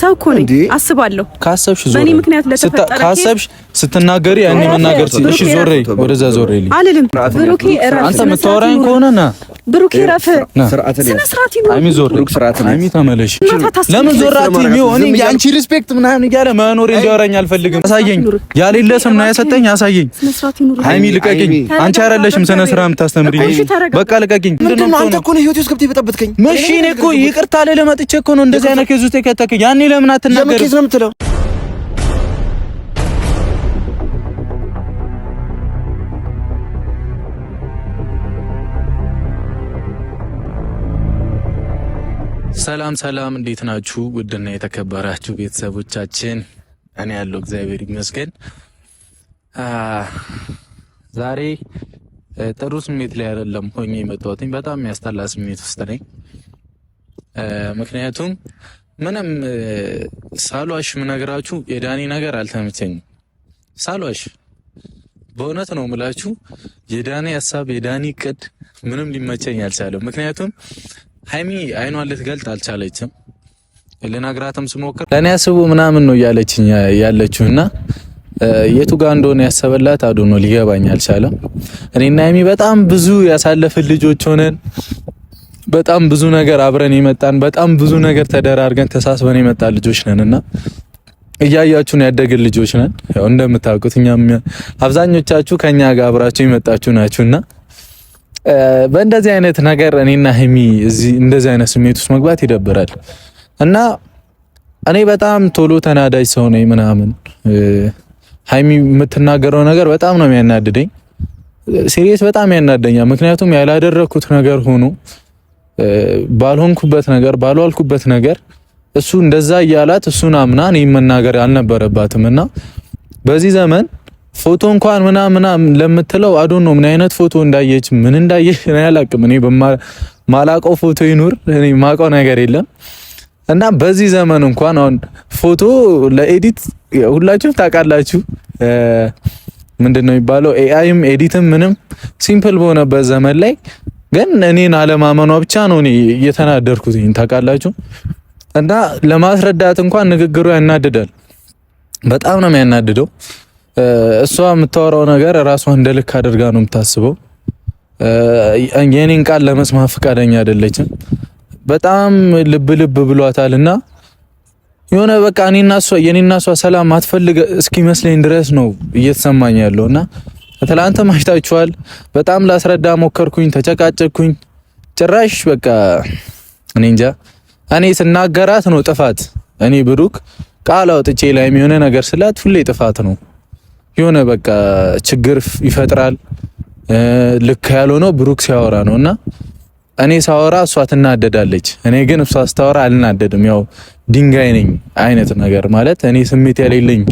ሰው እኮ ነኝ አስባለሁ። ካሰብሽ ዞር በእኔ ምክንያት ለተፈጠረ ካሰብሽ ስትናገሪ ያኔ መናገር ዞር ወደዛ ዞር ይል ብሩኬ እረፍ። አንተ የምታወራኝ ከሆነ ና ብሩኬ እረፍ። ስነ ስርዓት አይሚ ዞር፣ አይሚ ተመለሽ። ለምን ዞር አትይም? ሪስፔክት ምናምን እያለ መኖር እንዲያወራኝ አልፈልግም። አሳየኝ። ያሌለ ስም ነው ያሰጠኝ። አሳየኝ። አይሚ ልቀቂኝ። አንቺ አይደለሽም ስነ ስርዓት የምታስተምሪ። በቃ ልቀቂኝ። ምንድን ነው አንተ እኮ ነው ህይወቴ ውስጥ እኮ ይቅርታ ልልህ መጥቼ እኮ ነው እንደዚህ አይነት ኬዝ ውስጥ የከተከኝ ያኔ ለምን አትናገር? ነው የምትለው? ሰላም ሰላም፣ እንዴት ናችሁ? ውድና የተከበራችሁ ቤተሰቦቻችን፣ እኔ ያለው እግዚአብሔር ይመስገን። ዛሬ ጥሩ ስሜት ላይ አይደለም ሆኜ የመጣሁትኝ። በጣም የሚያስጠላ ስሜት ውስጥ ነኝ። ምክንያቱም ምንም ሳሏሽ ምነግራችሁ የዳኒ ነገር አልተመቸኝም። ሳሏሽ በእውነት ነው ምላችሁ የዳኒ ሀሳብ የዳኒ ቅድ ምንም ሊመቸኝ አልቻለም። ምክንያቱም ሀይሚ አይኗን ልትገልጥ አልቻለችም። ልነግራትም ስሞክር ለእኔ አስቡ ምናምን ነው እያለችኝ ያለችው እና የቱ ጋር እንደሆነ ያሰበላት አዶ ነው ሊገባኝ አልቻለም። እኔና ሀይሚ በጣም ብዙ ያሳለፍን ልጆች ሆነን በጣም ብዙ ነገር አብረን የመጣን በጣም ብዙ ነገር ተደራርገን ተሳስበን የመጣን ልጆች ነን እና እያያችሁን ያደግን ልጆች ነን። ያው እንደምታውቁት አብዛኞቻችሁ ከኛ ጋር አብራችሁ የመጣችሁ ናችሁና በእንደዚህ አይነት ነገር እኔና ሀይሚ እዚህ እንደዚህ አይነት ስሜት ውስጥ መግባት ይደብራል እና እኔ በጣም ቶሎ ተናዳጅ ሰው ነኝ ምናምን ሀይሚ የምትናገረው ነገር በጣም ነው የሚያናድደኝ። ሲሪየስ በጣም ያናደኛል። ምክንያቱም ያላደረኩት ነገር ሆኖ ባልሆንኩበት ነገር ባልዋልኩበት ነገር እሱ እንደዛ እያላት እሱን አምና እኔም መናገር አልነበረባትም እና በዚህ ዘመን ፎቶ እንኳን ምና ለምትለው አዶን ነው ምን አይነት ፎቶ እንዳየች ምን እንዳየች እኔ አላቅም። እኔ በማላቀው ፎቶ ይኑር እኔ ማቀው ነገር የለም እና በዚህ ዘመን እንኳን አሁን ፎቶ ለኤዲት ሁላችሁም ታውቃላችሁ፣ ምንድን ነው የሚባለው ኤአይም ኤዲትም ምንም ሲምፕል በሆነበት ዘመን ላይ ግን እኔን አለማመኗ ብቻ ነው እኔ እየተናደርኩት ታውቃላችሁ። እና ለማስረዳት እንኳን ንግግሩ ያናድዳል። በጣም ነው የሚያናድደው። እሷ የምታወራው ነገር ራሷን እንደ ልክ አድርጋ ነው የምታስበው። የኔን ቃል ለመስማት ፈቃደኛ አይደለችም። በጣም ልብ ልብ ብሏታልና የሆነ በቃ እኔና እሷ የኔና እሷ ሰላም አትፈልገ እስኪመስለኝ ድረስ ነው እየተሰማኝ ያለውና ትላንተ ማሽታችኋል። በጣም ላስረዳ ሞከርኩኝ፣ ተጨቃጨኩኝ ጭራሽ በቃ እኔ እንጃ። እኔ ስናገራት ነው ጥፋት። እኔ ብሩክ ቃል አውጥቼ ላይ የሆነ ነገር ስላት ሁሌ ጥፋት ነው። የሆነ በቃ ችግር ይፈጥራል። ልክ ያልሆነው ብሩክ ሲያወራ ነው እና እኔ ሳወራ እሷ ትናደዳለች። እኔ ግን እሷ ስታወራ አልናደድም። ያው ድንጋይ ነኝ አይነት ነገር ማለት እኔ ስሜት የሌለኝ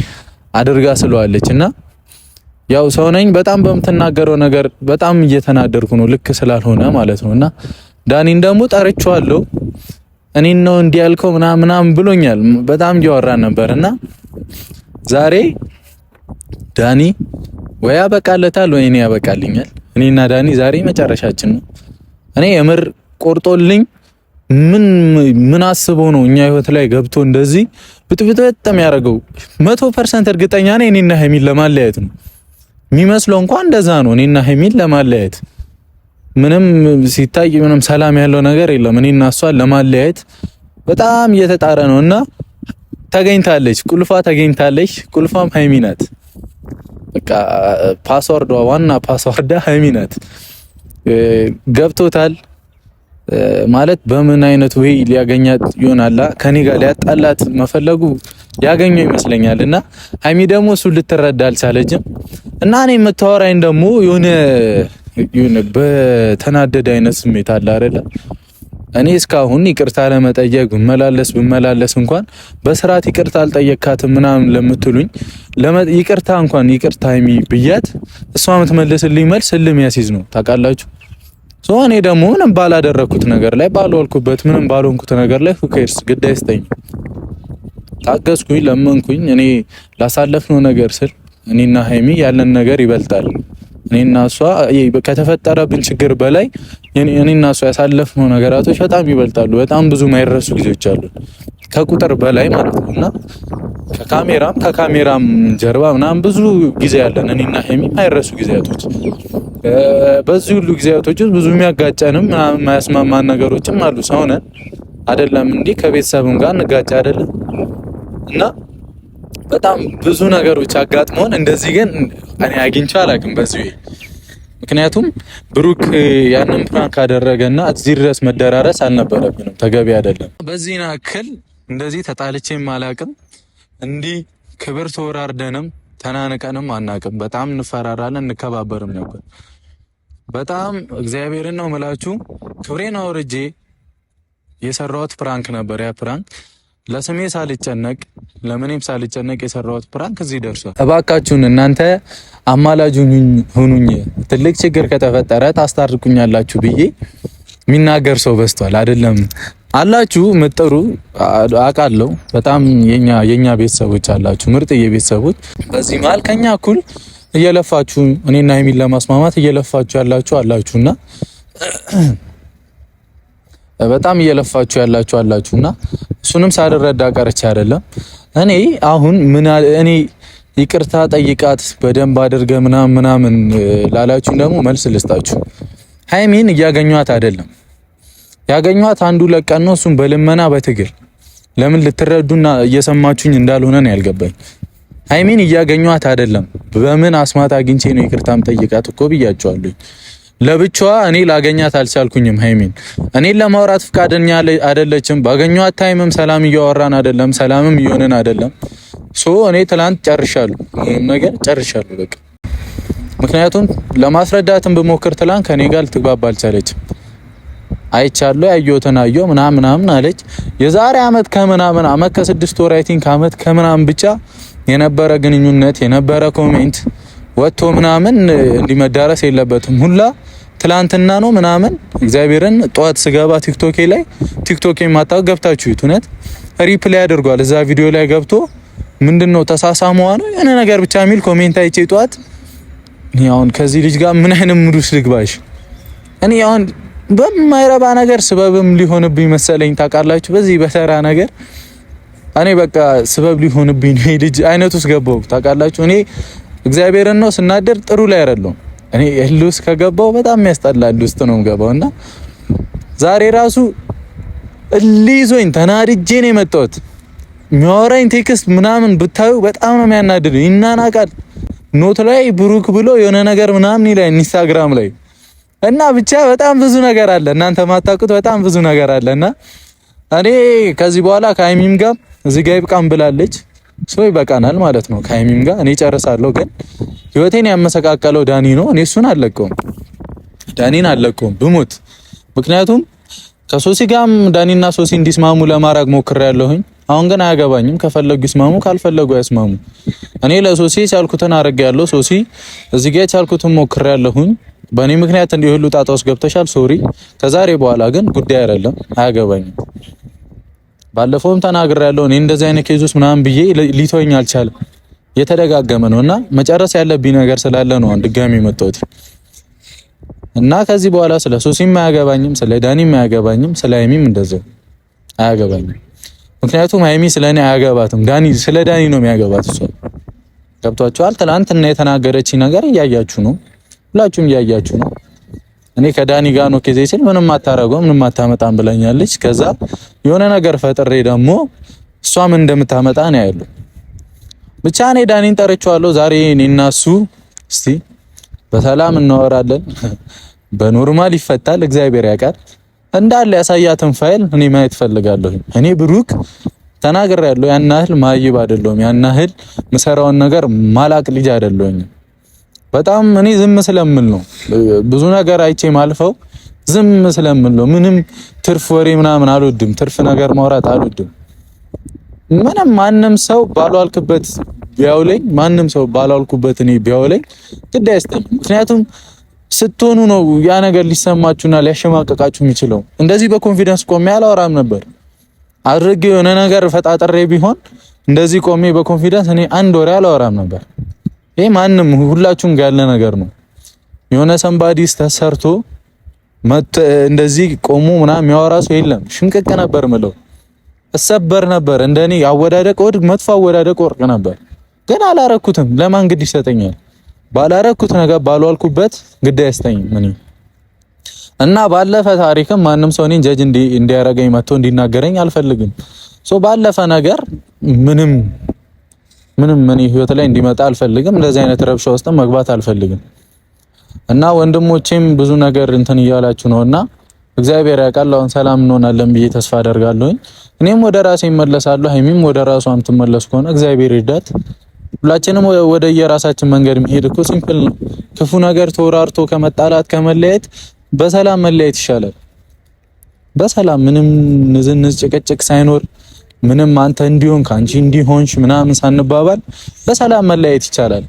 አድርጋ ስለዋለች እና ያው ሰው ነኝ። በጣም በምትናገረው ነገር በጣም እየተናደርኩ ነው፣ ልክ ስላልሆነ ማለት ነው። እና ዳኒን ደግሞ ጠርቼዋለሁ። እኔን ነው እንዲህ ያልከው ምናምን ምናምን ብሎኛል። በጣም እያወራን ነበር እና ዛሬ ዳኒ ወይ ያበቃለታል ወይ እኔ ያበቃልኛል። እኔና ዳኒ ዛሬ መጨረሻችን ነው። እኔ የምር ቆርጦልኝ ምን ምን አስቦ ነው እኛ ህይወት ላይ ገብቶ እንደዚህ ብጥብጥ በጣም ያደረገው መቶ ፐርሰንት እርግጠኛ ነኝ እኔና ሀይሚን ለማለያየት ነው የሚመስለው እንኳን እንደዛ ነው። እኔና ሀይሚን ለማለያየት ምንም ሲታይ ምንም ሰላም ያለው ነገር የለም። እኔና እሷን ለማለያየት በጣም እየተጣረ ነው እና ተገኝታለች፣ ቁልፏ ተገኝታለች። ቁልፏም ሀይሚ ናት። በቃ ፓስወርዷ፣ ዋና ፓስወርዳ ሀይሚ ናት። ገብቶታል ማለት በምን አይነት ወይ ሊያገኛት ይሆናላ ከኔ ጋር ሊያጣላት መፈለጉ ያገኙ ይመስለኛል። እና ሀይሚ ደግሞ እሱ ልትረዳ አልቻለችም። እና እኔ የምታወራኝ ደግሞ የሆነ በተናደደ አይነት ስሜት አለ አይደለ? እኔ እስካሁን ይቅርታ ለመጠየቅ ብመላለስ ብመላለስ እንኳን በስርዓት ይቅርታ አልጠየካትም ምናምን ለምትሉኝ ይቅርታ እንኳን ይቅርታ ሀይሚ ብያት እሷ የምትመልስልኝ መልስ እልም ያስይዝ ነው ታውቃላችሁ። ሶ እኔ ደግሞ ምንም ባላደረግኩት ነገር ላይ ባልዋልኩበት ምንም ባልሆንኩት ነገር ላይ ሁኬርስ ግድ አይስጠኝም። ታገስኩኝ ለመንኩኝ። እኔ ላሳለፍነው ነገር ስል እኔና ሀይሚ ያለን ነገር ይበልጣል። እኔና እሷ ከተፈጠረብን ችግር በላይ እኔና እሷ ያሳለፍነው ነገራቶች በጣም ይበልጣሉ። በጣም ብዙ ማይረሱ ጊዜዎች አሉ፣ ከቁጥር በላይ ማለት ነው እና ከካሜራም ከካሜራም ጀርባ ምናምን ብዙ ጊዜ ያለን እኔና ሀይሚ ማይረሱ ጊዜያቶች በዚህ ሁሉ ጊዜያቶች ብዙ የሚያጋጨንም የማያስማማን ነገሮችም አሉ። ሰውነን አይደለም እንዲህ ከቤተሰብም ጋር እንጋጭ አይደለም እና በጣም ብዙ ነገሮች አጋጥመውን፣ እንደዚህ ግን እኔ አግኝቼ አላውቅም በዚህ ምክንያቱም ብሩክ ያንን ፕራንክ አደረገ አደረገና እዚህ ድረስ መደራረስ አልነበረብንም፣ ተገቢ አይደለም። በዚህ ናክል እንደዚህ ተጣልቼም አላውቅም። እንዲህ ክብር ተወራርደንም ተናንቀንም አናውቅም። በጣም እንፈራራለን፣ እንከባበርም ነበር። በጣም እግዚአብሔርን ነው የምላችሁ ክብሬን አውርጄ የሰራሁት ፕራንክ ነበር ያ ፕራንክ ለስሜ ሳልጨነቅ ለምንም ሳልጨነቅ የሰራሁት ፕራንክ እዚህ ደርሷል። እባካችሁን እናንተ አማላጅ ሁኑኝ፣ ትልቅ ችግር ከተፈጠረ ታስታርቁኛላችሁ ብዬ የሚናገር ሰው በዝቷል። አይደለም አላችሁ ምጥሩ አውቃለሁ። በጣም የኛ የኛ ቤተሰቦች አላችሁ፣ ምርጥ የቤተሰቦች በዚህ መሀል ከኛ እኩል እየለፋችሁ እኔና የሚል ለማስማማት እየለፋችሁ ያላችሁ አላችሁና በጣም እየለፋችሁ ያላችሁ አላችሁ እና እሱንም ሳልረዳ ቀርቼ አይደለም። እኔ አሁን ምን እኔ ይቅርታ ጠይቃት በደንብ አድርገ ምናምን ምናምን ላላችሁ ደግሞ መልስ ልስጣችሁ። ሀይሚን እያገኟት አይደለም። ያገኟት አንዱ ለቀን ነው፣ እሱም በልመና በትግል ለምን ልትረዱና እየሰማችሁኝ እንዳልሆነ ነው ያልገባኝ። ሀይሚን እያገኟት አይደለም። በምን አስማት አግኝቼ ነው ይቅርታም ጠይቃት እኮ ብያቸዋለሁ። ለብቻዋ እኔ ላገኛት አልቻልኩኝም። ሀይሚን እኔን ለማውራት ፍቃደኛ አይደለችም። ባገኘኋት ታይምም ሰላም እያወራን አይደለም፣ ሰላምም እየሆንን አይደለም። ሶ እኔ ትላንት ጨርሻለሁ፣ ይሄን ነገር ጨርሻለሁ በቃ። ምክንያቱም ለማስረዳትም ብሞክር ትላንት ከኔ ጋር ልትግባባ አልቻለችም። አይቻለሁ፣ ያየሁትን አየሁ ምናምን ምናምን አለች። የዛሬ አመት ከምናምን አመት ከስድስት ወር አይ ቲንክ አመት ከምናምን ብቻ የነበረ ግንኙነት የነበረ ኮሜንት ወጥቶ ምናምን እንዲመዳረስ የለበትም ሁላ ትላንትና ነው ምናምን እግዚአብሔርን ጠዋት ስገባ ቲክቶኬ ላይ ቲክቶኬ ማታ ገብታችሁ ይት እውነት ሪፕላይ አድርጓል። እዛ ቪዲዮ ላይ ገብቶ ምንድነው ተሳሳመዋ ነው የሆነ ነገር ብቻ የሚል ኮሜንት አይቼ ጠዋት አሁን ከዚህ ልጅ ጋር ምን አይነት ሙድ ውስጥ ልግባሽ? እኔ አሁን በማይረባ ነገር ስበብም ሊሆንብኝ መሰለኝ ታውቃላችሁ። በዚህ በተራ ነገር እኔ በቃ ስበብ ሊሆንብኝ ነው ልጅ አይነት ውስጥ ገባሁ ታውቃላችሁ። እኔ እግዚአብሔርን ነው ስናደር ጥሩ ላይ አይደለም እኔ እልህ ውስጥ ከገባው በጣም የሚያስጠላ እልህ ውስጥ ነው የምገባው እና ዛሬ ራሱ እልህ ይዞኝ ተናድጄ ነው የመጣሁት። የሚያወራኝ ቴክስት ምናምን ብታዩ በጣም ነው የሚያናድድ። ይናናቃል። ኖት ላይ ብሩክ ብሎ የሆነ ነገር ምናምን ይላል ኢንስታግራም ላይ እና ብቻ በጣም ብዙ ነገር አለ። እናንተ ማታውቁት በጣም ብዙ ነገር አለ እና እኔ ከዚህ በኋላ ከሀይሚም ጋር እዚህ ጋር ይብቃም ብላለች። ሶ ይበቃናል ማለት ነው። ከሀይሚም ጋር እኔ ጨርሳለሁ ግን ህይወቴን ያመሰቃቀለው ዳኒ ነው። እኔ እሱን አልለቀውም፣ ዳኒን አለቀው ብሞት። ምክንያቱም ከሶሲ ጋም ዳኒና ሶሲ እንዲስማሙ ለማድረግ ያለሁኝ። አሁን ግን አያገባኝም። ከፈለጉ ይስማሙ፣ ካልፈለጉ አይስማሙ። እኔ ለሶሲ ቻልኩትን ያለው ሶሲ እዚህ ጋር ቻልኩትን ያለሁኝ። በእኔ ምክንያት እንዲህ ሁሉ ጣጣ ውስጥ ገብተሻል፣ ሶሪ። ከዛሬ በኋላ ግን ጉዳይ አይደለም፣ አያገባኝም። ባለፈውም ያለው እኔ እንደዚህ አይነት ኬዝ ውስጥ ምናምን ብዬ ሊተወኝ አልቻለም። የተደጋገመ ነው እና መጨረስ ያለብኝ ነገር ስላለ ነው ድጋሚ መጣሁት እና ከዚህ በኋላ ስለ ሶሲም አያገባኝም፣ ስለ ዳኒም አያገባኝም፣ ስለ ሃይሚም እንደዛው አያገባኝም። ምክንያቱም ስለ እኔ አያገባትም፣ ዳኒ ስለ ዳኒ ነው የሚያገባት። እሷ ገብቷችኋል። ትናንትና የተናገረች ነገር እያያችሁ ነው፣ ሁላችሁም እያያችሁ ነው። እኔ ከዳኒ ጋር ነው ከዚህ ሲል ምንም አታረገውም ምንም አታመጣም ብለኛለች። ከዛ የሆነ ነገር ፈጥሬ ደግሞ እሷም እንደምታመጣ ነው ያለው ብቻ እኔ ዳኒን ጠርቼዋለሁ። ዛሬ እኔ እሱ እስቲ በሰላም እናወራለን። በኖርማል ይፈታል፣ እግዚአብሔር ያውቃል። እንዳለ ያሳያትን ፋይል እኔ ማየት ፈልጋለሁ። እኔ ብሩክ ተናግሬ ያለው ያን ያህል ማይብ አይደለሁም። ያን ያህል ምሰራውን ነገር ማላቅ ልጅ አይደለሁም። በጣም እኔ ዝም ስለምል ነው ብዙ ነገር አይቼ ማልፈው ዝም ስለምል ነው። ምንም ትርፍ ወሬ ምናምን አልወድም። ትርፍ ነገር ማውራት አልወድም። ምንም ማንም ሰው ባሏልክበት ቢያውለኝ ማንም ሰው ባላልኩበት እኔ ቢያውለኝ ግድ አይስጠኝም። ምክንያቱም ስትሆኑ ነው ያ ነገር ሊሰማችሁና ሊያሸማቀቃችሁ የሚችለው። እንደዚህ በኮንፊደንስ ቆሜ አላወራም ነበር። አድርጌ የሆነ ነገር ፈጣጥሬ ቢሆን እንደዚህ ቆሜ በኮንፊደንስ እኔ አንድ ወሬ አላወራም ነበር። ይሄ ማንም ሁላችሁም ጋር ያለ ነገር ነው። የሆነ ሰምባዲስ ተሰርቶ እንደዚህ ቆሞ ምናምን የሚያወራ ሰው የለም። ሽምቅቅ ነበር ምለው እሰበር ነበር። እንደኔ አወዳደቅ ወድቅ መጥፎ አወዳደቅ ወርቅ ነበር፣ ግን አላረኩትም። ለማን ግድ ይሰጠኛል? ባላረኩት ነገር ባልዋልኩበት ግድ አይሰጠኝም እኔ እና ባለፈ ታሪክም ማንም ሰው እኔን ጀጅ እንዲያረገኝ መጥቶ እንዲናገረኝ አልፈልግም። ሶ ባለፈ ነገር ምንም ምንም ምን ህይወት ላይ እንዲመጣ አልፈልግም። እንደዚህ አይነት ረብሻ ውስጥም መግባት አልፈልግም። እና ወንድሞቼም ብዙ ነገር እንትን እያላችሁ ነውና እግዚአብሔር ያውቃል። አሁን ሰላም እንሆናለን ብዬ ተስፋ አደርጋለሁኝ። እኔም ወደ ራሴ እመለሳለሁ፣ ሀይሚም ወደ ራሷ የምትመለስ ከሆነ እግዚአብሔር ይርዳት። ሁላችንም ወደ የራሳችን መንገድ መሄድ እኮ ሲምፕል ነው። ክፉ ነገር ተወራርቶ ከመጣላት ከመለያየት በሰላም መለያየት ይሻላል። በሰላም ምንም ንዝንዝ ጭቅጭቅ ሳይኖር ምንም አንተ እንዲሆን ከአንቺ እንዲሆንሽ ምናምን ሳንባባል በሰላም መለያየት ይቻላል።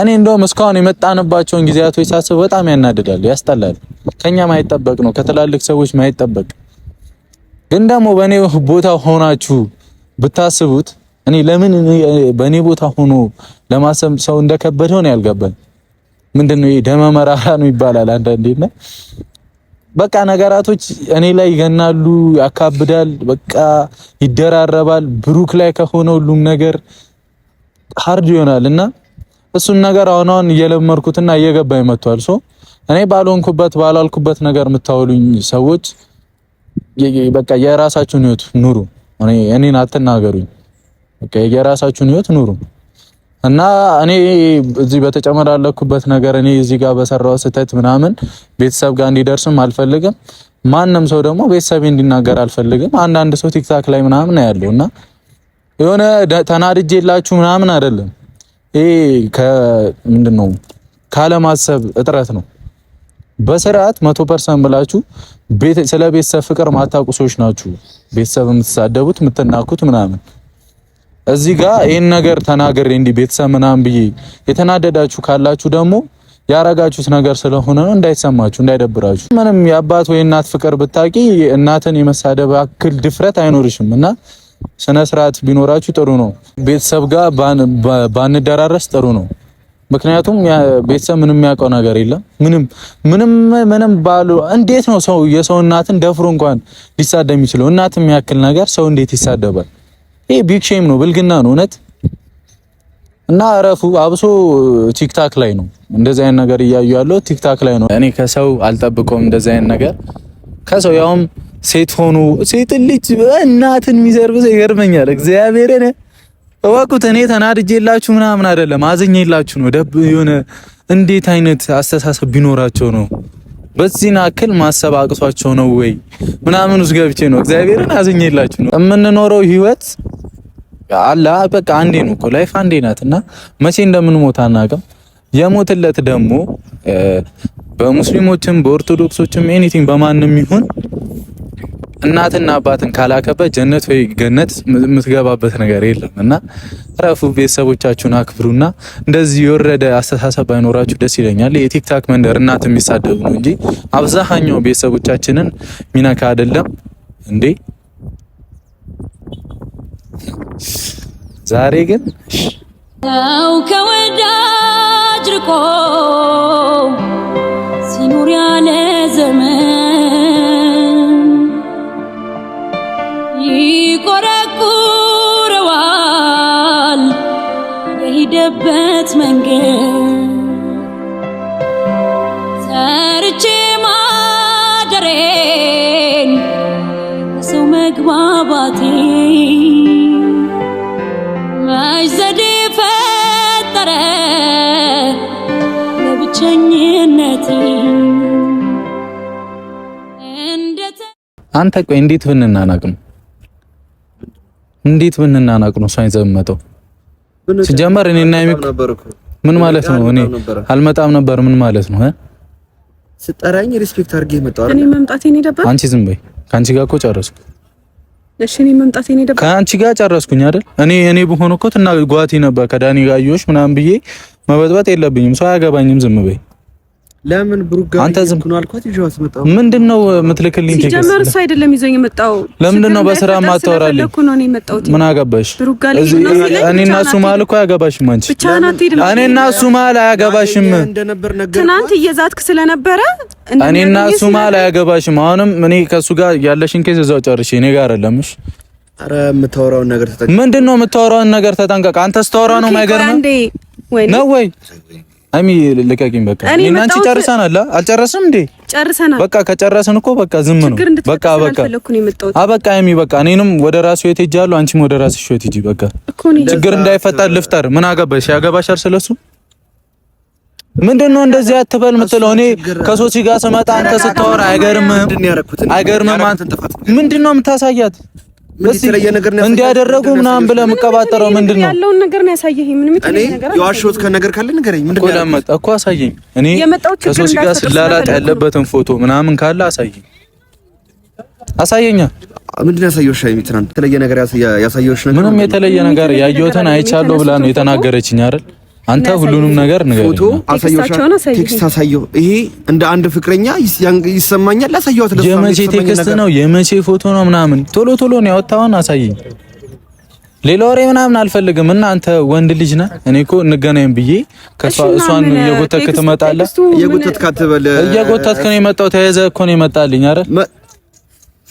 እኔ እንደውም እስካሁን የመጣንባቸውን ጊዜያቶች ሳስብ በጣም ያናድዳል፣ ያስጠላል። ከኛ ማይጠበቅ ነው፣ ከትላልቅ ሰዎች ማይጠበቅ። ግን ደግሞ በኔ ቦታ ሆናችሁ ብታስቡት እኔ ለምን በኔ ቦታ ሆኖ ለማሰብ ሰው እንደከበደው ነው ያልገባኝ። ምንድነው ይሄ ደመ መራራ ነው ይባላል አንዳንዴ እና በቃ ነገራቶች እኔ ላይ ይገናሉ፣ ያካብዳል፣ በቃ ይደራረባል። ብሩክ ላይ ከሆነ ሁሉም ነገር ሀርድ ይሆናል እና እሱን ነገር አሁን አሁን እየለመድኩትና እየገባኝ መጥቷል። ሶ እኔ ባልሆንኩበት ባላልኩበት ነገር የምታውሉኝ ሰዎች በቃ የራሳችሁን ህይወት ኑሩ፣ እኔን አትናገሩኝ። በቃ የራሳችሁን ህይወት ኑሩ እና እኔ እዚህ በተጨመላለኩበት ነገር እኔ እዚህ ጋር በሰራው ስህተት ምናምን ቤተሰብ ጋር እንዲደርስም አልፈልግም። ማንም ሰው ደግሞ ቤተሰብ እንዲናገር አልፈልግም። አንዳንድ ሰው ቲክታክ ላይ ምናምን ያለው እና የሆነ ተናድጄላችሁ ምናምን አይደለም ይሄ ከምንድን ነው ካለማሰብ እጥረት ነው። በስርዓት መቶ ፐርሰንት ብላችሁ ስለ ቤተሰብ ፍቅር ማታውቁ ሰዎች ናችሁ። ቤተሰብ የምትሳደቡት የምትናኩት ምናምን እዚህ ጋር ይህን ነገር ተናገሬ እንዲህ ቤተሰብ ምናምን ብዬ የተናደዳችሁ ካላችሁ ደግሞ ያረጋችሁት ነገር ስለሆነ ነው። እንዳይሰማችሁ እንዳይደብራችሁ። ምንም የአባት ወይ እናት ፍቅር ብታቂ እናትን የመሳደብ አክል ድፍረት አይኖርሽም እና ስነ ስርዓት ቢኖራችሁ ጥሩ ነው። ቤተሰብ ጋር ባንደራረስ ጥሩ ነው። ምክንያቱም ቤተሰብ ምንም የሚያውቀው ነገር የለም። ምንም ምንም ምንም ባሉ እንዴት ነው ሰው የሰው እናትን ደፍሮ እንኳን ሊሳደብ የሚችለው? እናት የሚያክል ነገር ሰው እንዴት ይሳደባል? ይሄ ቢግ ሼም ነው፣ ብልግና ነው እውነት። እና እረፉ። አብሶ ቲክታክ ላይ ነው እንደዚህ አይነት ነገር እያዩ ያለው ቲክታክ ላይ ነው። እኔ ከሰው አልጠብቀውም እንደዚህ አይነት ነገር ከሰው ያውም ሴት ሆኖ ሴት ልጅ እናትን የሚዘርብ ሰው ይገርመኛል። እግዚአብሔርን እወቁት። እኔ ተናድጄላችሁ ምናምን አይደለም አዝኜላችሁ ነው። ደብ የሆነ እንዴት አይነት አስተሳሰብ ቢኖራቸው ነው በዚህን አክል ማሰብ አቅቷቸው ነው ወይ ምናምን ውስጥ ገብቼ ነው። እግዚአብሔርን አዝኜላችሁ ነው። የምንኖረው ህይወት አላ በቃ አንዴ ነው እኮ ላይፍ አንዴ ናት እና መቼ እንደምንሞት አናውቅም። የሞትለት ደግሞ በሙስሊሞችም በኦርቶዶክሶችም ኤኒቲንግ በማንም ይሁን እናትና አባትን ካላከበት ጀነት ወይ ገነት የምትገባበት ነገር የለም እና ረፉ ቤተሰቦቻችሁን አክብሩና እንደዚህ የወረደ አስተሳሰብ ባይኖራችሁ ደስ ይለኛል። የቲክታክ መንደር እናት የሚሳደቡ ነው እንጂ አብዛኛው ቤተሰቦቻችንን ሚነካ አይደለም እንዴ። ዛሬ ግን ው ከወዳጅ ርቆ ሲኖር ያለ ዘመን ይቆረቁረዋል የሂደበት መንገድ ሰርቼ ማደሬን ሰው መግባባቴ መች ዘዴ ፈጠረ ለብቸኝነቴ አንተ ቆይ እንዴት ብንናናቅ ነው? እንዴት ብንናናቅ ነው እሷን ሲጀመር እኔ እና እኔና ምን ማለት ነው? እኔ አልመጣም ነበር ምን ማለት ነው? ስጠራኝ ሪስፔክት አድርጌ መጣሁ። እኔ መምጣቴን ይደብራል። አንቺ ዝም በይ። ከአንቺ ጋር እኮ ጨረስኩ። እሺ እኔ መምጣቴን ይደብራል። ከአንቺ ጋር ጨረስኩኝ አይደል? እኔ እኔ ብሆን እኮ ትና ጓቴ ነበር ከዳኒ ጋር አየሁሽ ምናምን ብዬ መበጥበጥ የለብኝም። ሰው አያገባኝም። ዝም በይ ለምን ብሩክ አንተ ዝም ብሎ አልኳት። ይዤዋት መጣሁ። ምንድን ነው የምትልክልኝ? ሲጀመር እሱ አይደለም ይዞኝ የመጣው። ለምንድን ነው በስራ የማታወራልኝ? ምን አገባሽ? እኔና እሱ መሀል እኮ አያገባሽም። አንቺ እኔና እሱ መሀል አያገባሽም። ትናንት እየዛትክ ስለነበረ እኔና እሱ መሀል አያገባሽም። አሁንም እኔ ከእሱ ጋር ያለሽን ኬዝ እዛው ጨርሼ እኔ ጋር አይደለምሽ የምታወራውን ነገር ተጠንቀቅ። ምንድን ነው የምታወራውን ነገር ተጠንቀቅ። አንተ ስታወራ ነው የማይገርምህ ነው ወይ አሚ ልቀቂኝ። በቃ እኔና እና አንቺ ጨርሰናል። አልጨረስንም እንዴ? ጨርሰናል። በቃ ከጨረስን እኮ በቃ ዝም ነው። በቃ በቃ አበቃ። አሚ በቃ እኔንም ወደ ራሱ ቤት ሄጃለሁ። አንቺም ወደ ራስሽ ቤት ሂጂ። በቃ ችግር እንዳይፈጠር ልፍጠር። ምን አገባሽ? ያገባሻል ስለሱ ምንድን ነው እንደዚህ አትበል የምትለው? እኔ ከሶሲ ጋር ስመጣ አንተ ስታወራ አይገርምም? አይገርምም? ምንድን ነው የምታሳያት? እንዲያደረጉ ምናምን ብለህ የምትቀባጠረው ምንድን ነው? ያለውን ነገር ነው ያሳየኸኝ። ምንም የዋሸሁት ካለ ንገረኝ። ምንድን ነው እኮ አሳየኝ። እኔ ጋር ስላላት ያለበትን ፎቶ ምናምን ካለ አሳየኝ። አሳየኛ ምንድን ትናንት የተለየ ነገር ያሳየሁሽ ነገር ምንም የተለየ ነገር ያየሁትን አይቻለሁ ብላ ነው የተናገረችኝ አይደል? አንተ ሁሉንም ነገር ንገረኝ። ፎቶ አሳየሁሽ፣ ይሄ እንደ አንድ ፍቅረኛ ይሰማኛል። አሳየኋት። የመቼ ቴክስት ነው የመቼ ፎቶ ነው ምናምን? ቶሎ ቶሎ ነው ያወጣውን አሳየኝ። ሌላ ወሬ ምናምን አልፈልግም። እና አንተ ወንድ ልጅ ነህ። እኔ እኮ እንገናኝ ብዬ እሷን እየጎተትክ ትመጣለህ። እየጎተትክ ነው የመጣው። ተያይዘህ እኮ ነው የመጣልኝ አይደል?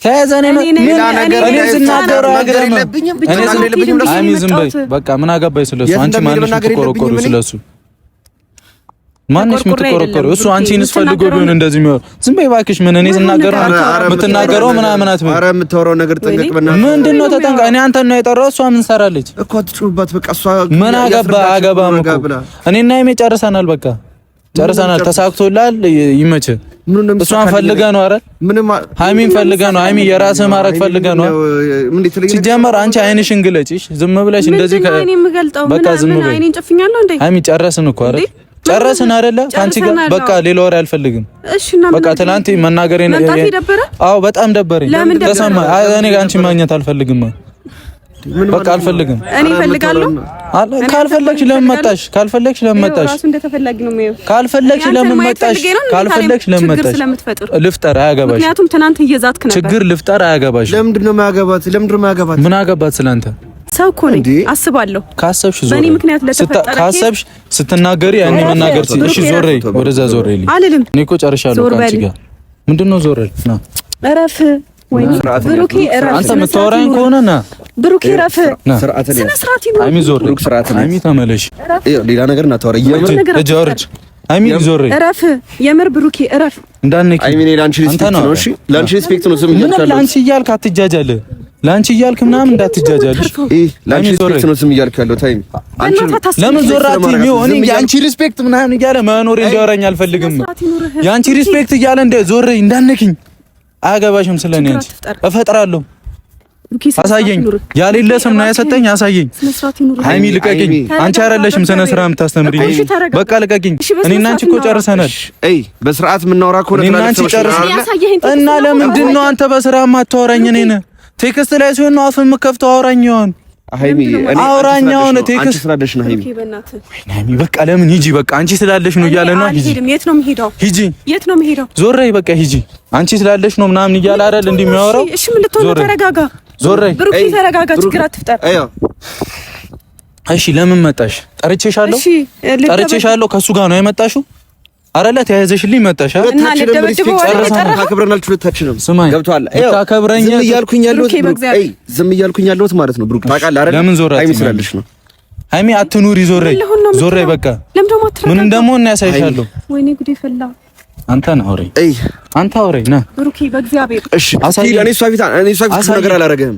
ከያዘን ሌላ ነገር እኔ ዝናገሩ አይገርምም። እኔ በቃ ምን አገባኝ ስለሱ። አንቺ ማንሽ የምትቆረቆሩ ስለሱ ማንሽ የምትቆረቆሩ እሱ አንቺን ስፈልጎ ቢሆን እንደዚህ የሚሆን ዝም በይ እባክሽ። ምን እኔ ዝናገረው የምትናገረው ምናምን አትበይ። ኧረ የምታወራው ነገር ተጠንቀቅ። ምንድን ነው ተጠንቀቅ። እኔ አንተን ነው የጠራው። እሷ ምን ሰራለች እኮ አትጩህባት። በቃ እሷ ምን አገባ አገባም እኮ እኔና ይሜ ጨርሰናል። በቃ ጨርሰናል። ተሳክቶላል። ይመችህ እሷን ፈልገህ ነው? ኧረ ሀይሚን ፈልገህ ነው? ሀይሚ የራስህ ማድረግ ፈልገህ ነው? ሲጀመር አንቺ አይንሽን ግለጪ። ዝም ብለሽ እንደዚህ በቃ ዝም ብለሽ ሀይሚ ጨረስን እኮ አይደል? ጨረስን አይደለ? ከአንቺ ጋር በቃ ሌላ ወሬ አልፈልግም። በቃ ትናንት መናገሬ አዎ፣ በጣም ደበረኝ። ተሰማህ? እኔ አንቺን ማግኘት አልፈልግም በቃ አልፈልግም። እኔ እፈልጋለሁ። ካልፈለግሽ ለምን መጣሽ? ካልፈለግሽ ለምን መጣሽ? ካልፈለግሽ ለምን መጣሽ? ካልፈለግሽ ለምን መጣሽ? ልፍጠር አያገባሽ። ምክንያቱም ትናንት እየዛትክ ነበር። ችግር ልፍጠር አያገባሽ። ለምንድን ነው የማያገባት? ለምንድን ነው የማያገባት? ምን አገባት ስለአንተ? ሰው እኮ ነኝ አስባለሁ። ካሰብሽ ዞር በእኔ ምክንያት ለተፈጠረ ካሰብሽ ስትናገሪ ያኔ መናገር ሲል እሺ፣ ዞር ወደዛ ዞር በይ ልኝ አልልም። እኔ እኮ ጨርሻለሁ ከአንቺ ጋር ምንድን ነው ዞር በይ ና እረፍ ብሩኬ እረፍ። አንተ ሪስፔክት ነው። እሺ ለአንቺ ሪስፔክት ነው። ስም እያልክ ምናምን እንዳትጃጃልሽ። ለምን ዞር አትይም? እኔ የአንቺ ሪስፔክት ምናምን እያለ እንዲያወራኝ አልፈልግም። የአንቺ ሪስፔክት እያለ እንደ ዞር እንዳነክኝ አያገባሽም። ስለ ስለኔ አንቺ እፈጥራለሁ። አሳየኝ። ያሌለ ስም ነው ያሰጠኝ። አሳየኝ። ሀይሚ ልቀቂኝ። አንቺ አይደለሽም ስነ ስራ የምታስተምሪ በቃ ልቀቂኝ። እኔና አንቺ እኮ ጨርሰናል። እይ በስርዓት የምናወራ እኮ እኔና አንቺ ጨርሰናል። እና ለምንድን ነው አንተ በስራ የማታወራኝ? እኔን ቴክስት ላይ ሲሆን ነው አፍ የምከፍተው። አውራኝ ይሆን ሀይሚ አውራኛውን ቴክስት ስላለሽ ነው። ሀይሚ ሀይሚ በቃ ለምን ሂጂ፣ በቃ አንቺ ስላለሽ ነው እያለ ነው። ሂጂ፣ የት ነው የምሄደው? ሂጂ፣ የት ነው የምሄደው? ዞረይ፣ በቃ ሂጂ፣ አንቺ ስላለሽ ነው ምናምን እያለ አይደል እንዲህ የሚያወራው። እሺ፣ ምን ልትሆን ነው? ተረጋጋ፣ ዞረይ፣ ብሩክ፣ ተረጋጋ፣ ችግር አትፍጠር። እሺ፣ ለምን መጣሽ? ጠርቼሻለሁ፣ ጠርቼሻለሁ። ከእሱ ጋር ነው የመጣሽው አረለ ተያይዘሽልኝ መጣሽ እና ዝም ማለት ነው። ብሩክ ለምን ዞር ነው? ሀይሚ አትኑሪ፣ ዞር ዞር በቃ። ምን እንደምሆን ያሳይሻለሁ። ወይኔ ጉዴ ፈላ። አንተ ነህ አውሬ፣ አንተ አውሬ ነህ ብሩክ። በእግዚአብሔር እሺ፣ አሳይ። እኔ እሷ ፊት ነገር አላደርግህም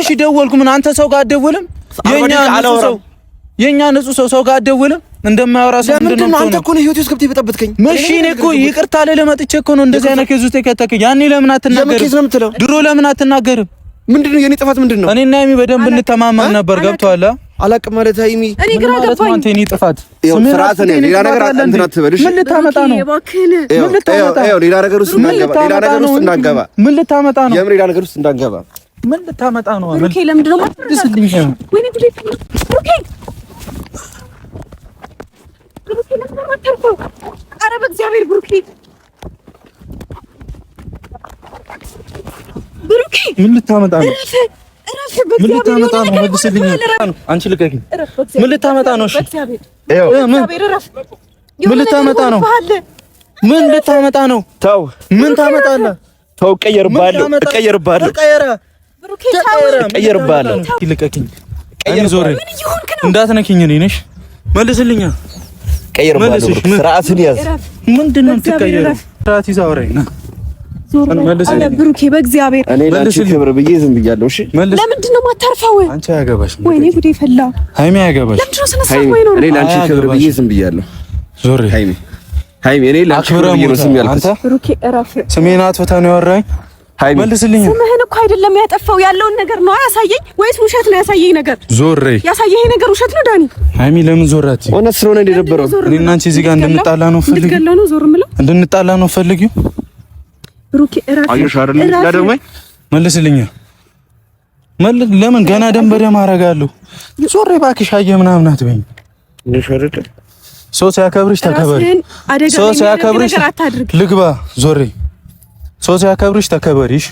እሺ ደወልኩ። ምን አንተ ሰው ጋር አትደውልም? የኛ ንጹህ ሰው የኛ ንጹህ ሰው ሰው ጋር አትደውልም? እንደማያወራ ሰው ምንድን ነው? አንተ እኮ ነው ህይወት ውስጥ ገብተህ የበጠበጥከኝ። እሺ እኔ እኮ ይቅርታ ልልህ መጥቼ እኮ ነው እንደዚህ አይነት ኬዝ ውስጥ የከተከኝ። ያኔ ለምን አትናገርም? ድሮ ለምን አትናገርም? ምንድነው የኔ ጥፋት ምንድነው? እኔና ሀይሚ በደንብ እንተማመን ነበር። ገብቶሃል? አላቅ ማለት ሀይሚ እኔ ግራ ገባኝ። አንተ ጥፋት ነው። ሌላ ነገር ምን ልታመጣ ነው? ምን ልታመጣ ነው? ሌላ ነገር ውስጥ ሌላ ነገር ውስጥ ምን ልታመጣ ነው? የምን ሌላ ነገር ውስጥ ምን ልታመጣ ነው? ብሩኬ ለምንድን ነው ማትደስልኝ? ወይኔ ብሩኬ ብሩኬ ኧረ በእግዚአብሔር ብሩኬ ብሩኬ ምን ልታመጣ ነው? ምን ልታመጣ ነው? መልስልኝ። አንቺ ልቀቂኝ። ምን ልታመጣ ነው? እሺ ምን ልታመጣ ነው? ምን ልታመጣ ነው? ተው ምን ታመጣለህ? ተው እቀየርብሃለሁ፣ እቀየርብሃለሁ ቀየርብሃለሁ። ይልቀቅኝ፣ ዞር እንዳትነኪኝ። እኔ ነሽ መልስልኛ። ቀየርብሃለሁ። ስርዓትን ያዝ። ምንድን ነው የምትቀየረው? ስርዓት ይዘህ አውራኝ ና ብሩኬ በእግዚአብሔር እኔ ላንቺ ክብር ብዬ ዝም ብያለሁ። እሺ ለምንድን ነው የማታርፈው? አንቺ አያገባሽ። ወይኔ ጉዴ ፈላ። ሃይሚ አያገባሽ። ወይ እኔ ላንቺ ክብር ብዬ ዝም ብያለሁ። ዞር ሃይሚ፣ ሃይሚ እኔ ላንቺ ክብር ብዬ ዝም ብያለሁ። ብሩኬ እረፍ። ስሜን አጥፍታ ነው ያወራኝ ሃይሚ መልስልኝ። ስምህን እኮ አይደለም ያጠፋው ያለውን ነገር ነው ያሳየኝ፣ ወይስ ውሸት ነው ያሳየኝ? ነገር ዞር ያሳየኝ ነገር ውሸት ነው ዳኒ። ሃይሚ ለምን ዞራት? እውነት ስለሆነ እንደደበረው እኔና አንቺ እዚህ ጋር እንድንጣላ ነው ፈልጊው፣ እንድንጣላ ነው ፈልጊው። ብሩኬ መልስልኝ። ለምን ገና ደንበሪያ ማረጋለሁ? ዞር እባክሽ። አየህ ምናምን አትበይኝ። ሰው ሲያከብርሽ ተከበሪ፣ ሰው ሲያከብርሽ ልግባ። ዞሬ ሰው ሲያከብርሽ ተከበሪሽ።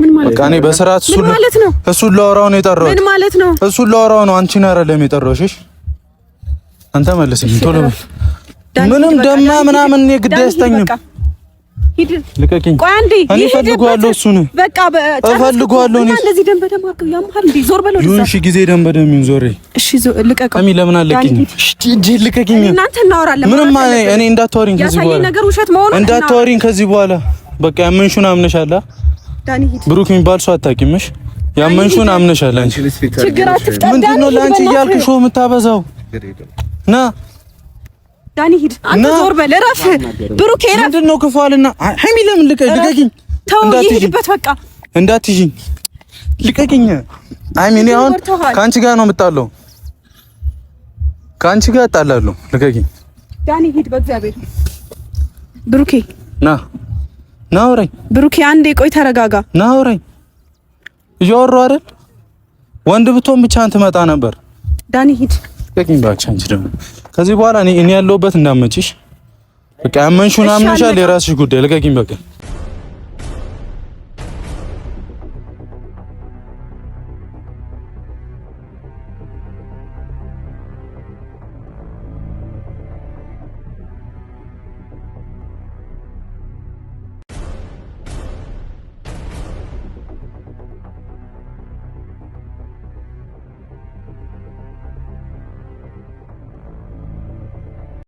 ምን ማለት ነው? በስርዓት እሱን ነው እሱን ላወራው ነው የጠራሁት። ምን ማለት ነው? እሱን ላወራው ነው አንቺን አይደለም የጠራሁሽ። አንተ መልስልኝ ቶሎ። ምንም ደማ ምናምን እኔ ግድ አይሰጠኝም። ልቀቂኝ። ቆይ አንዴ እፈልገዋለሁ፣ እሱን በቃ እፈልገዋለሁ። እኔ እንደዚህ ደም በደም አቅም ያምሃል እንዴ? ዞር በለው። ይሁን እሺ፣ ጊዜ ደም በደም ይሁን። ዞር እሺ፣ ልቀቀው። እሚ ለምን አለቅኝ? እሺ፣ ልቀቂኝ። እናንተ እናወራለን። ምንም እኔ እንዳታወሪኝ ከዚህ በኋላ ያሳየኝ ነገር ውሸት እንዳታወሪኝ ከዚህ በኋላ በቃ ያመንሹን አምነሻላ። ብሩክ የሚባል ሰው አታውቂምሽ። ያመንሹን አምነሻል። አንቺ ምንድን ነው ለአንቺ እያልክ ሾው የምታበዛው? ና ዳኒ ሂድ። አንተ ዞር በል እረፍ። ብሩክ ሄራ ምንድን ነው ክፏልና ሀይሚ ለምን ልቀ ልቀቂኝ። ተው ይሄድበት በቃ እንዳትይኝ ልቀቂኝ። ሀይሚ እኔ አሁን ከአንቺ ጋር ነው የምጣለው፣ ከአንቺ ጋር እጣላለሁ። ልቀቂኝ ዳኒ ሂድ። በእግዚአብሔር ብሩኬ ና ናውረኝ ብሩኬ፣ አንዴ ቆይ ተረጋጋ። ናውረኝ እያወሩ አይደል? ወንድ ብትሆን ብቻህን ትመጣ ነበር። ዳኒ ሂድ። ቀቂም አንቺ ደግሞ ከዚህ በኋላ እኔ ያለሁበት እንዳመጭሽ በቃ ያመንሽውን አምነሻል። የራስሽ ጉዳይ ለቀቂም በቃ